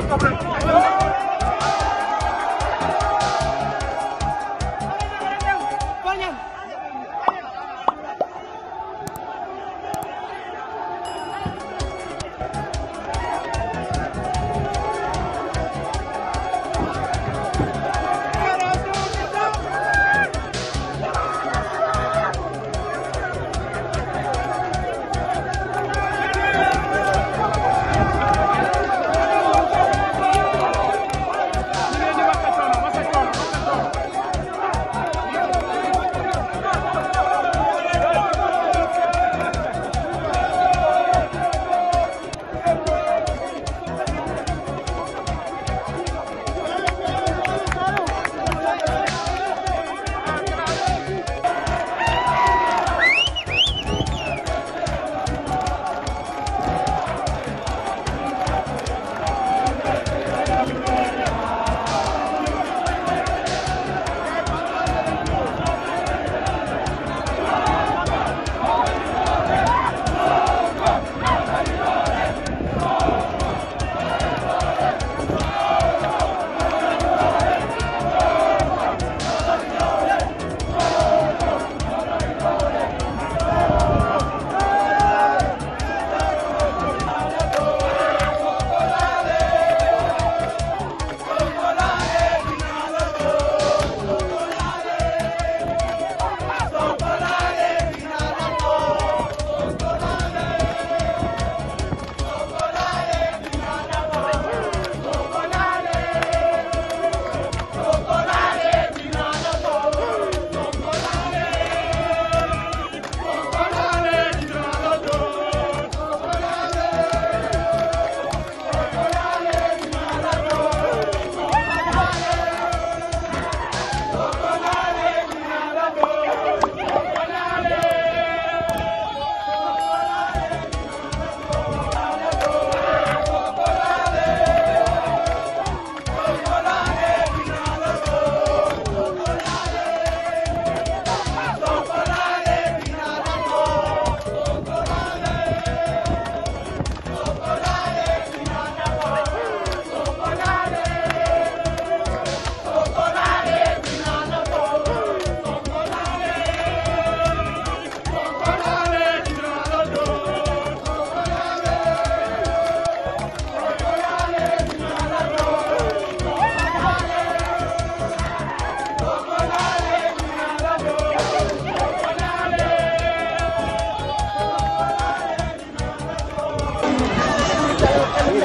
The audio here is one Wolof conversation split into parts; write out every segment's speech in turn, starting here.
la pobreza.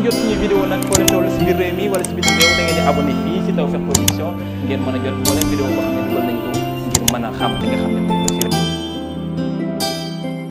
ngeen jot suñu vidéo nag foo leen si biir réew si bitim réew da ngeen di abonné fii si Tawfekh Production ngeen mën a jot moo leen vidéo boo xam ne dugal nañ ko ngir mën a xam li nga xam ne moom